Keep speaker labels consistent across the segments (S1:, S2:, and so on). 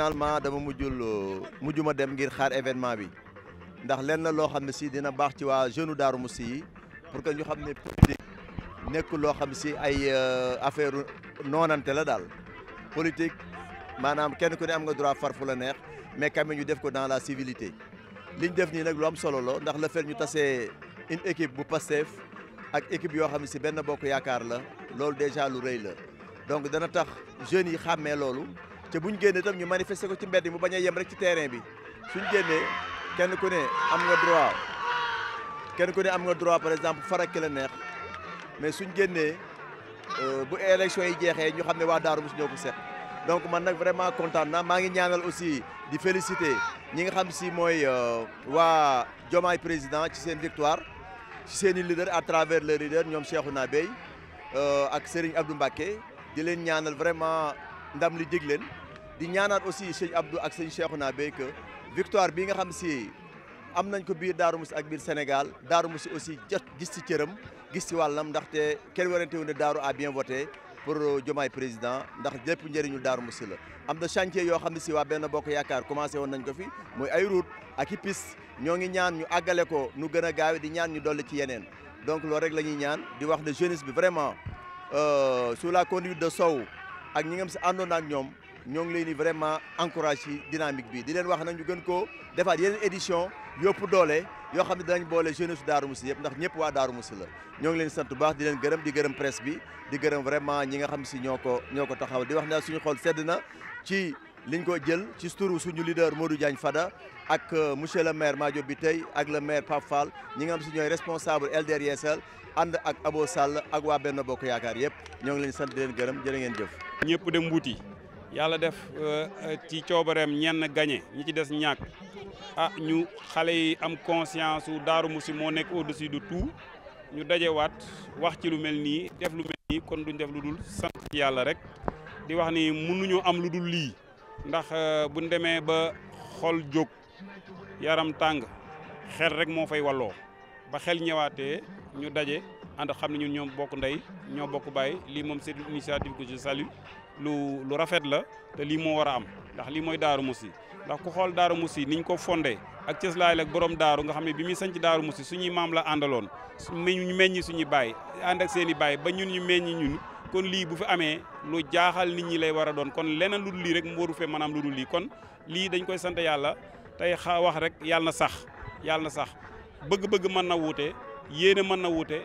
S1: finalement dama mujjul mujj ma dem ngir xaar événement bi ndax lenn loo xam ne si dina baax ci waa jeune Daaru Musi yi pour que ñu xam ne politique nekk loo xam si ay euh, affaire noonante la daal politique maanaam kenn ku ne am nga droit far fu la neex mais quand ñu def ko dans la civilité li ñu def nii nag lu am solo la ndax la fait ñu tasee une équipe bu Pastef ak équipe yoo xam ne si benn bokk yaakaar la loolu déjà lu rëy la donc dana tax jeunes yi té buñu génné tam ñu manifester ko ci mbedd mu baña a yem rek ci terrain bi suñu génné kenn ku ne am nga droit kenn ku ne am nga droit par exemple farak la neex mais suñ génnee euh, bu élection yi jéxé ñu xamné wa daru Darou Mouhty ñoo ko seq donc man nak vraiment content na ma ngi ñaanal aussi di féliciter ñi nga xam si moy euh, wa jomay président ci sen victoire ci seen leader à travers le leader ñom cheikhou Cheikhouna euh ak Serigne Abdou Mbacké di leen ñaanal vraiment ndam li dig leen di ñaanaat aussi sëñ Abdou ak sëñ Cheikhouna Bey que victoire bi nga xam si am nañ ko biir Darou Moussi ak biir Sénégal Darou Moussi aussi jot gis ci cëram gis ci wàllam ndaxte kenn warante wu ne Darou a bien voté pour Diomaye président ndax lépp njëriñu Darou Moussi la. am na chantier yoo xam ne si waa benn bokk yaakaar commencé woon nañ ko fi muy ay route ak i piste ñoo ngi ñaan ñu àggale ko nu gën a gaawe di ñaan ñu dolli ci yeneen donc loolu rek la ñuy ñaan di wax ne jeunesse bi vraiment euh, sous la conduite de Sow ak ñi nga xam si àndoon ak ñoom. ñoo ngi leen di vraiment encouragé ci dynamique bi di leen wax nag ñu gën koo defaat yeneen édition yëpp doole yoo xam ne danañ boole jeunesse Darou Moussi yëpp ndax ñëpp waa Darou Moussi la ñoo ngi leen sant bu baax di leen gërëm di gërëm presse bi di gërëm vraiment ñi nga xam si ñoo ko ñoo ko taxaw di wax ne suñu xol sedd na ci liñ ko jël ci turu suñu leader Modou Diagne Fada ak euh, monsieur le maire Madiop tey ak le maire Pape Fall ñi nga xam si ñooy responsable LDR Yeesal ànd ak Abo Sall ak waa Benno Bokk Yaakaar yëpp ñoo ngi leen sant di gërëm jërë ngeen jëf ñëpp dem wuti
S2: yàlla def euh, euh, ci coobareem ñenn gañe ñi ci des ñàkk ah ñu xale yi am conscience su Daaru Musi moo nekk au-dessus de tout ñu dajewaat wax ci lu mel nii def lu mel nii kon duñ def lu dul sant yàlla rek di wax ni mënuñoo am lu dul lii ndax euh, buñ demee ba xol jóg yaram tàng xel rek moo fay walloo ba xel ñëwaatee ñu daje Anda xam ne ñun ñoom bokk ndey ñoo bokk bàyyi lii moom c'est une initiative que je salue lu lu rafet la te lii moo war a am ndax lii mooy Daaru Musi ndax ku xool Musi niñ ko fondé ak cëslaay ak borom daaru nga xam ne bi muy sanc Daaru Musi suñuy maam la àndaloon ñu meññi suñuy bàyyi ànd ak seen i ba ñun ñu meññi ñun kon li bu fi amee lu jaaxal nit ñi lay war doon kon leneen lu dul lii rek mu waru fee maanaam lu dul kon li dañ koy sant yàlla tey wax rek yàlla na sax yàlla na sax bëgg-bëgg na wuute yéene man na wuute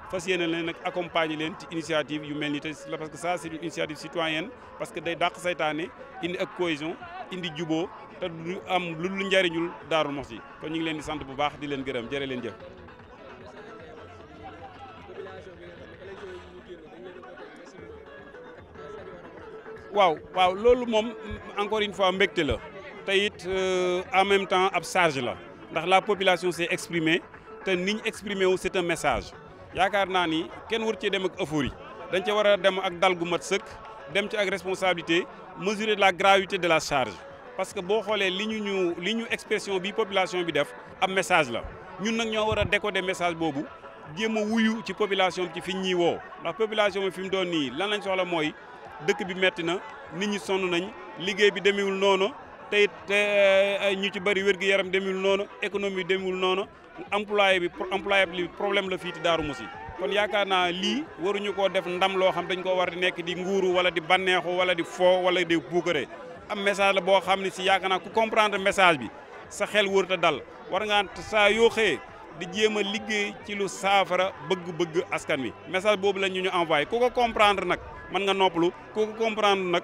S2: fas yéene leen nag accompagner leen ci initiative yu mel ni te parce que ça c'est une initiative citoyenne parce que day dàq saytaane indi ak cohésion indi juboo te du am lu lu njariñul Daaru Muxti kon ñu ngi leen di sant bu baax di leen gërëm jërë leen jëf waaw waaw loolu moom encore une fois mbégte la te it euh, en même temps ab charge la ndax la population s'est exprimée te niñ exprimé wu c'est un message yaakaar ni kenn wër ci dem ak euphorie dañ responsabilité war a dem ak dal responsabilité mesurer la gravité de la charge parce que boo xoolee li ñu expression bi population bi def am message la ñun nag ñoo war a décoder message boobu jéem a wuyu ci population bi ci fi population bi fi mu doon nii lan lañ soxla bi metti na nit ñi sonn nañ bi te it eh, ñu ci économie employé bi employé bi problème la fii ci Darou Moussi kon yaakaar naa lii waruñu koo def ndam loo xam dañ koo war di nekk di nguuru wala di banneexu wala di foo wala di puukare am message la boo xam ne si yaakaar naa ku comprendre message bi sa xel wërta dal war ngaa saa yoo di jéem a liggéey ci lu saafara bëgg-bëgg askan wi message boobu la ñu ñu envoyé ku ko comprendre nag mën nga noppalu ku ko comprendre nag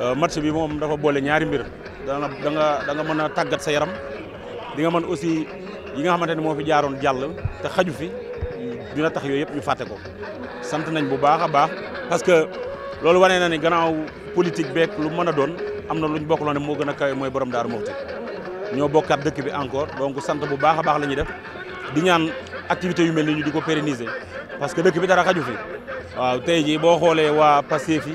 S3: Eh, match bi mom dafa bolé ñaari mbir da nga da nga da nga mëna tagat sa yaram di nga mën aussi yi nga xamanteni mo fi jaaroon jall te xaju fi dina tax yooyu yëpp ñu faté ko sant nañ bu baaxa baax parce que loolu wané na ni gannaaw politique beeg lu mëna doon amna na luñ bokk loo ne mo gëna a moy mooy borom daaru Muxti ño bokkat dëkk bi encore donc sant bu baaxa baax lañu def di ñaan activité yu melni ñu di pérenniser parce que dëkk bi dara xaju fi waaw tay ji bo xolé wa passé fi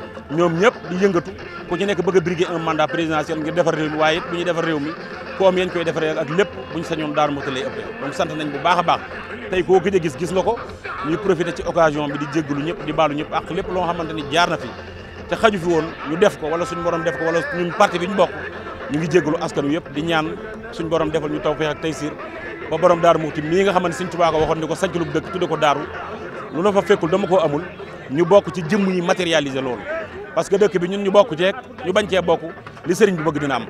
S3: ñoom ñëpp di yëngatu ku ci nekk bëgg a en un mandat présidentiel ngir defar réew mi waaye it bu ñu defar réew mi koom yañ koy defaree ak lépp bu ñu sañoon Darou Mouhty lay ëppee donc sant nañ bu baax a baax tey koo gëj a gis gis nga ko ñu profité ci occasion bi di jéggalu ñëpp di baalu ñëpp ak lépp loo xamante ni jaar na fi te xaju fi woon ñu def ko wala suñu borom def ko wala ñun parti bi ñu bokk ñu ngi jéggalu askan wi yëpp di ñaan suñu borom defal ñu tawfeex ak taysiir ba borom Darou Mouhty mii nga xamante Sëñ Tuubaa ko waxoon ni ko sanc lu dëkk tudde ko daaru lu la fa dama koo amul ñu bokk ci jëmm yi matérialiser loolu parce que dëkk bi ñun ñu bokk ceeg ñu bañ cee bokk li sëriñ bi bëgg dina am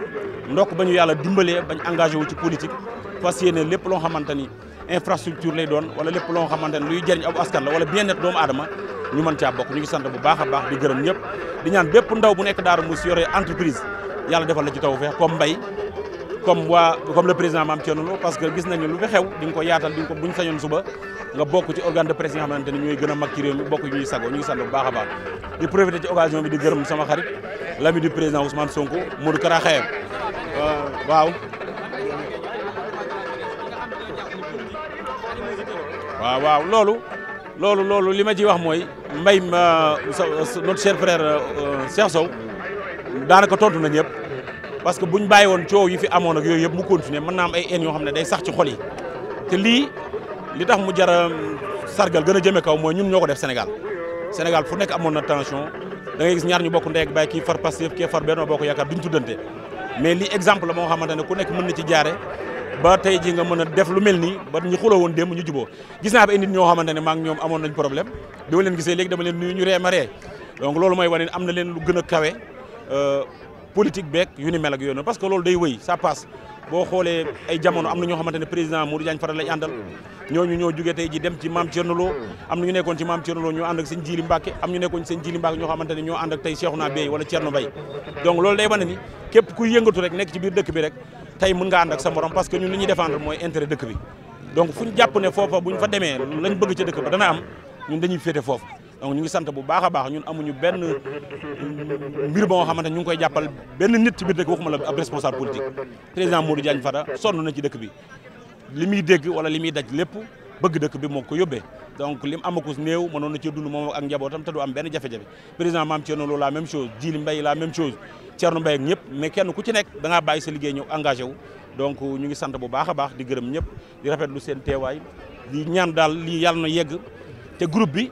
S3: ndokk ba yàlla dimbalee bañ engagé wu ci politique fas yéene lépp loo xamante ni infrastructure lay doon wala lépp loo xamante ni luy jëriñ aw askan la wala bien-être doomu aadama ñu mën caa bokk ñu ngi sant bu baax baax di gërëm ñëpp di ñaan bépp ndaw bu nekk Daaru Muxti yore entreprise yàlla defal la ci tawfeex comme mbay comme waa comme le président Mame Thierno Lo parce que gis nañu lu fi xew di nga ko yaatal di ko buñ sañoon suba nga bokk ci organe de presse yi nga xamante ne ñooy gën a mag ci réew mi bokk ñuy sago ñu ngi sant bu baax a baax di profité ci occasion bi di gërëm sama xarit l'ami du président euh, waaw waaw loolu loolu loolu li ma ciy wax mooy mbay euh, notre cher frère euh, Cheikh Sow daanaka tontu na ñëpp parce que buñ bàyyi woon coow yi fi amoon ak yooyu yëpp mu continuer mën naa am ay haine yoo lii li tax mu jara sargal gën a jëme kaw mooy ñun ñoo ko def Sénégal Sénégal fu nekk amoon na tension ñaar ñu bokk ndey ak baay kii far Pastef kii far Benno Bokk Yaakaar duñ tuddante exemple la moo xamante ku nekk mën na ci jaare ba tey ji nga mën def lu mel nii ba ñu woon démb ñu juboo gis naa ba ay ñoo xamante ne maa ngi ñoom amoon nañ problème bi ma leen gisee léegi dama leen nuyu ñu ree ma ree donc loolu mooy wane am na leen lu gën a kawe euh, politique beeg yu ni mel yoonu parce que loolu day wëy ça passe boo xoolee ay jamono am na ñoo xamante ne président Modou Diagne Fada lañ àndal ñooñu ñoo jugee tey ji dem ci maam Thierno Lo am na ñu nekkoon ci maam Thierno Lo ñoo ànd ak seen Jili Mbacke am ñu nekkoon ñoo xamante ne ñoo ànd ak tey Bay donc loolu day wane ni képp kuy yëngatu rek nekk ci biir dëkk bi rek tey mën nga ànd ak sa morom parce que ñun li ñuy défendre mooy intérêt dëkk bi donc fu ñu jàpp ne foofa bu ñu fa demee lañ bëgg donc ñu ngi sant bu baax a baax ñun amuñu benn mbir ba nga xamante ñu ngi koy jàppal benn nit ci biir dëkk waxuma la ab responsable politique président Modou na ci dëkk bi li muy dégg wala li muy daj lépp bëgg dëkk bi moo ko yóbbee donc lim amakus néew mënoon na cee dund moom ak njabootam te am benn jafe-jafe président maam Thierno Lo la même chose Djili Mbaye la même chose Thierno Mbaye ak ku ci nekk da ngaa bàyyi sa liggéey ñëw wu donc ñu ngi sant bu baax a baax di gërëm ñëpp di lu seen teewaay di ñaan daal lii yàlla na yegg te groupe bi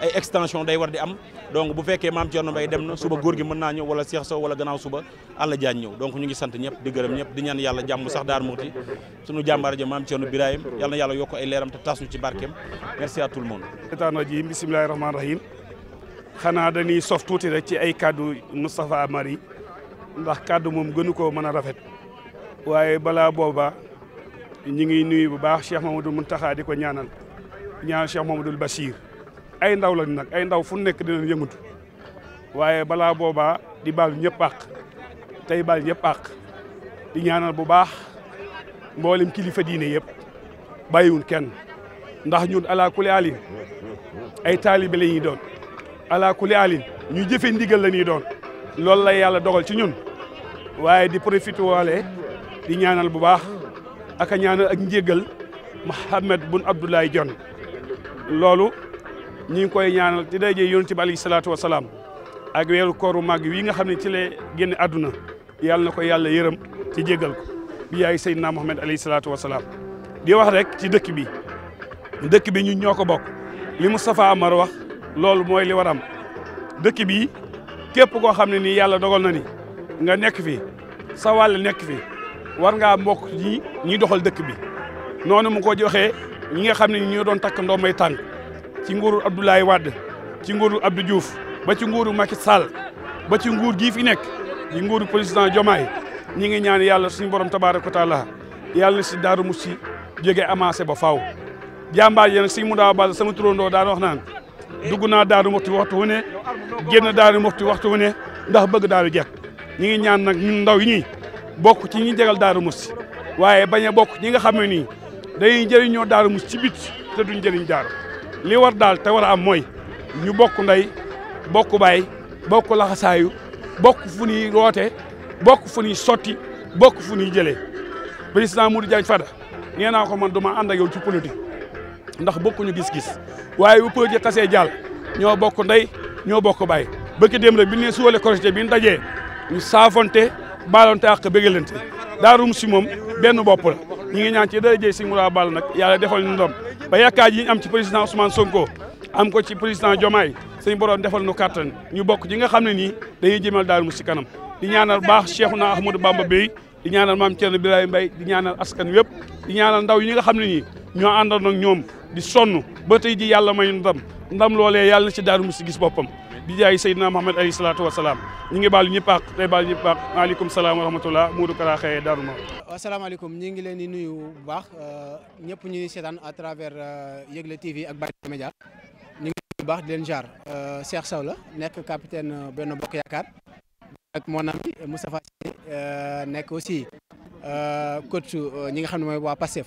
S3: ay extension day war di am donc bu fekkee maam Thierno Mbaye dem na suba góor gi mën naa ñëw wala Cheikh Sow wala ganaaw suba Alla Diagne ñëw donc ñu ngi sant ñëpp di gërëm ñëpp di ñaan yàlla jàmm sax daar muuti suñu jàmbaar ja maam Thierno Birahim yàlla na yàlla yokk ay leeram te tas ñu ci barkeem merci à tout le monde étaan rajim sof tuuti rek ci ay kaddu Moustapha
S2: Amari ndax kaddu moom gënu koo mën a rafet waaye balaa booba ñu ngi nuyu bu baax Cheikh Mamadou Mountakha di ko ñaanal ñaan Cheikh Mamadou Bachir ay ndaw lañu nag ay ndaw fu nekk dinañ yëngatu waaye balaa boobaa di baal ñëpp tey baal ñëpp àq di ñaanal bu baax mboolem kilifa diine yëpp bàyyiwun kenn ndax ñun ala kuli alin ay taalibe doon ala kuli alin ñu jëfe ndigal la ñuy doon loolu la yàlla dogal ci ñun waaye di profité waale di ñaanal bu baax ak a ñaanal ak njéggal Mouhamed bun Abdoulaye Dione loolu ñi ngi koy ñaanal ci daje yonent bi alayhi salaatu wa salaam ak weeru kooru màgg wi nga xam ne ci la génne àdduna yàlla na ko yàlla yërëm ci jéggal ko bi yaay Seydina Mohamed alayhi salaatu wa salaam di wax rek ci dëkk bi dëkk bi ñi ñoo ko bokk li Moustapha Amar wax loolu mooy li waram dëkk bi képp koo xam ne nii yàlla dogal na ni nga nekk fi sa wàll nekk fi war nga mbokk ñi ñuy doxal dëkk bi noonu mu ko joxee ñi nga xam ne ñoo doon takk ndombay tànk ci nguuru Abdoulaye Wade ci nguuru Abdou Diouf ba ci nguuru Macky Sall ba ci nguur gii fi nekk di nguuru président Diomaye ñi ngi ñaan yàlla suñu borom tabaaraka taala yàlla si daaru mus si jege amancé ba faw jàmbaar yéen si mu daaw bal sama turandoo daan wax naan dugg naa daaru muxti waxtu wu ne génn daaru muxti waxtu wu ne ndax bëgg daaru jekk ñi ngi ñaan nag ñun ndaw yi ñi bokk ci ñi jegal daaru mus waaye bañ a bokk ñi nga xam ne nii dañuy jëriñoo daaru mus ci bit te duñ jëriñ jaar li war daal te war a am mooy ñu bokk ndey bokk baay bokk laxasaayu bokk fu ñuy roote bokk fu ñuy sotti bokk fu ñuy jëlee président Modou Diagne Fada nee naa ko man duma ànd ak yow ci politique ndax bokkuñu gis-gis waaye bu projet xasee jàll ñoo bokk ndey ñoo bokk baay bëkk dem rek bi ñu nee suwale korité bi ndaje dajee ñu saafonte baalonte ak bégalante daarum si moom benn bopp la ñu ngi ñaan ci dara jëy si Moura Ball nag yàlla defal ñu ndam ba yaakaar yi am ci président Ousmane Sonko am ko ci président Diomaye suñu boroon defal nu kàttan ñu bokk ñi nga xam ne nii dañuy jëmal daal mu si kanam di ñaanal baax Cheikhouna Ahmadou Bamba Bey di ñaanal maam Thierno Birahim Mbaye di ñaanal askan wépp di ñaanal ndaw yi nga xam ne ñi ñoo àndoon ak ñoom di sonn ba tey ji yàlla may ndam ndam loolee yàlla na ci daaru musi gis boppam di jaay Seydina Muhammad alayhi salaatu wa salaam ñu ngi baalu ñëpp àq tey baalu ñëpp àq maaleykum salaam wa rahmatullah du Kara Xeye Darou ma
S4: asalaamaaleykum ñu ngi leen di nuyu bu baax euh, ñëpp ñuy seetaan à travers euh, Yegle TV ak Baye Média ñu ngi bu baax di leen jaar euh, Cheikh Sow la nekk capitaine benn Bokk Yaakaar moo mon ami Moustapha nekk aussi coach ñi nga xam ne mooy waa Pastef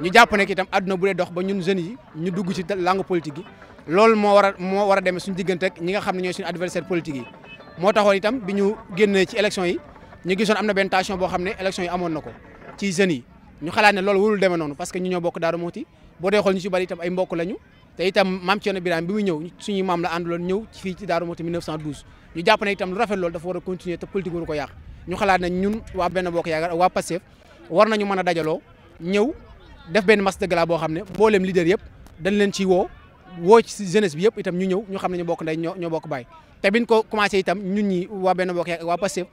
S4: ñu japp ne itam aduna bu dee dox ba ñun jeune yi ñu dugg ci langue politique lool mo wara mo wara moo suñu digënté ak ñi nga xamni ñoy suñu adversaire politique yi moo itam bi ñu génnee ci élection yi ñu gisoon amna ben tension bo xamné élection yi amon nako ci jeune yi ñu xalaat ne loolu warul demee noonu parce que ñu ñoo bokk Daaru moti bo dé xol ñu ci bari itam ay mbokk lañu te itam ci Thierno Birame bi mu ñëw suñu mam la andulon ñëw fi ci Daaru moti 1912 ñu japp ne itam lu rafet lool dafa wara continuer té politique waru ko yaax ñu xalaat ne ñun wa ben bokk yaakaar wa Pastef war nañu mëna dajalo ñew def benn masse de gala boo xam ne mboolem leader yëpp dañ leen ci woo woo ci jeunesse bi yëpp itam ñu ñëw ñu xam ne ñu bokk ndey ñoo ñoo bokk baay te biñ ko commencé itam ñun ñi waa benn bokk ak waa Pastef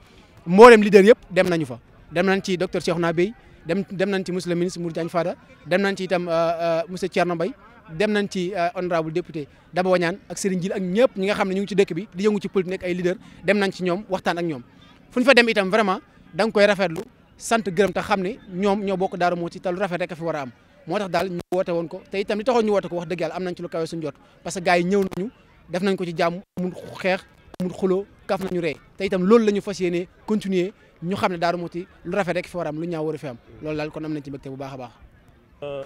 S4: mboolem leader yëpp dem nañu fa dem nañ ci docteur Cheikhouna Bèye dem dem nañ ci monsieur le ministre Modou Diagne Fada dem nañ ci itam euh, euh, monsieur Thierno Mbaye dem nañ ci euh, honorable député Daba Wañaan ak Serigne Djil ak ñëpp ñi nga xam ne ñu ngi ci dëkk bi di yëngu ci politique nekk ay leader dem nañ ci ñoom waxtaan ak ñoom fu ñu fa dem itam vraiment da nga koy rafetlu sant gërëm te xam ne ñoom ñoo bokk Daaru Muxti te lu rafet rek a fi war a am moo tax daal ñu woote woon ko te itam li taxoon ñu woote ko wax dëgg yàlla am nañ ci lu kawe suñu jot parce que yi ñëw nañu def nañ ko ci jàmm mun xeex mun xuloo kaf nañu rey te itam loolu la ñu fas yéene continuer ñu xam ne Daaru Muxti lu rafet rek fi war am lu ñaaw war a fi am loolu daal kon am nañ ci mbégte bu baax a baax
S5: euh,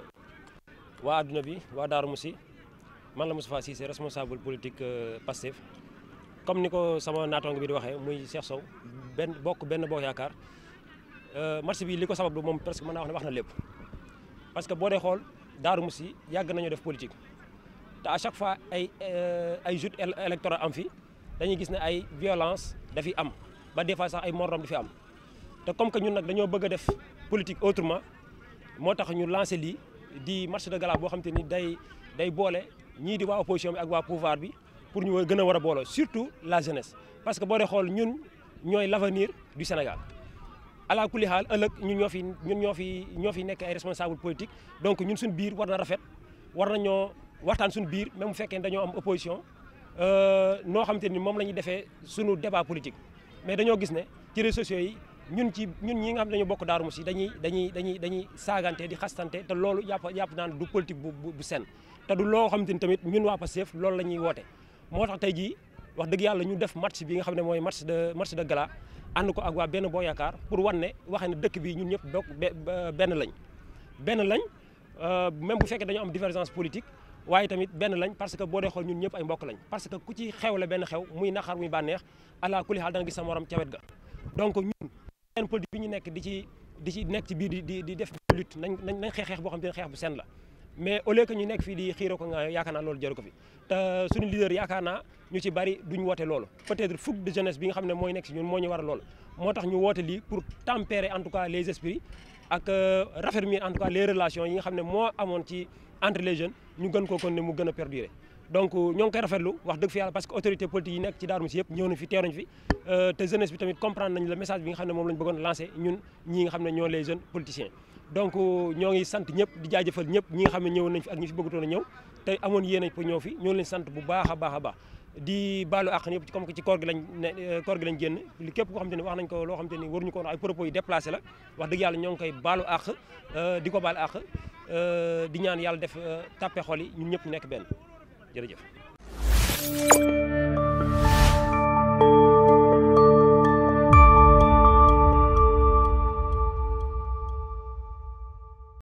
S5: waa adduna bi waa Daaru Muxti man la Moustapha Cissé responsable politique euh, Pastef comme ni ko sama naataango bi di waxee muy Cheikh Sow benn bokk benn bokk yaakaar Euh, marché bi liko sababu mom presque mën naa wax ne wax na lépp parce que bo dee xol daru Moussi yag nañu def politique ta à chaque fois ay euh, ay joutes électorales am fi dañuy gis né ay violence dafi am ba des fois sax ay mordom di fi am te comme que ñun nak dañu bëgg def politique autrement motax ñu lancer li di marché de gala bo xam day day bolé ñi di wa opposition bi ak wa pouvoir bi pour ñu gëna wara bolo surtout la jeunesse parce que bo dee xol ñun ñoy l'avenir du Sénégal ala kulli hal ëlëk ñun ñoo fi ñun ñoo fi ñoo fi nekk ay responsable politique donc ñun suñu biir war na rafet war na ñoo waxtaan suñu biir même bu fekkee dañoo am opposition euh, noo xamante ni moom la ñuy defee suñu débat politique mais dañoo gis ne ci réseaux sociaux yi ñun ci ñun ñi nga xam ne dañoo bokk Darou Mousty dañuy dañuy dañuy dañuy saagante di xastante te loolu yàpp yàpp naan du politique bu bu sen te du loo xamante ni tamit ñun waa Pastef loolu la ñuy woote moo tax tey jii wax dëgg yàlla ñu def match bi nga xam ne mooy match de match de gala ànd ko ak waa benn boo yaakaar pour wan ne waxe ne dëkk bi ñun ñëpp bokk benn lañ benn lañ euh, même bu fekkee dañu am divergence politique waaye tamit benn lañ parce que boo dee xool ñun ñëpp ay mbokk lañ parce que ku ci xew la benn xew muy naqar muy bànneex ala kulli xaal da nga gis sa morom ca wet ga donc ñun benn politique bi ñu nekk di ci di ci nekk ci biir di di di def lutte nañ nañ xeex xeex boo xam ne xeex bu seen la mais au lieu que ñu nekk fi di xiiroo ko nga yaakaar naa loolu jëru ko fi te suñu leader yaakaar naa ñu ci bari duñ woote loolu peut-être fougue de jeunesse bi nga xam ne mooy nekk si ñun moo ñu war loolu moo tax ñu woote lii pour tempérer en tout cas les esprits ak euh, raffermir en tout cas les relations yi nga xam ne moo amoon ci entre les jeunes ñu gën koo kon ne mu gën a perdurer donc euh, ñoo ngi koy rafetlu wax dëgg fi yàlla parce que autorité politique yi nekk ci Darou Mousty yëpp ñëw nañ fi teeruñ fi euh, te jeunesse bi tamit comprendre nañ le message bi nga xam ne moom lañ bëggoon lancer ñun ñi nga xam ne ñoo les jeunes politiciens donc ñoo ngi sant ñëpp di jaajëfal ñëpp ñi nga xam ne ñëw nañ fi ak ñi fi bëggatoon a ñëw te amoon yéen pour ñëw fi ñoo leen sant bu baax a baax a baax di baalu ñëpp comme que ci koor gi lañ ne euh, koor gi lañ génn képp koo xam ne wax nañ ko loo xam te ni waruñu ko wax ay propos yu wax dëgg yàlla ñoo ngi koy baalu àq euh, di ko baalu àq euh, di ñaan yàlla def tàppe xol yi ñun ñëpp nekk benn jërëjëf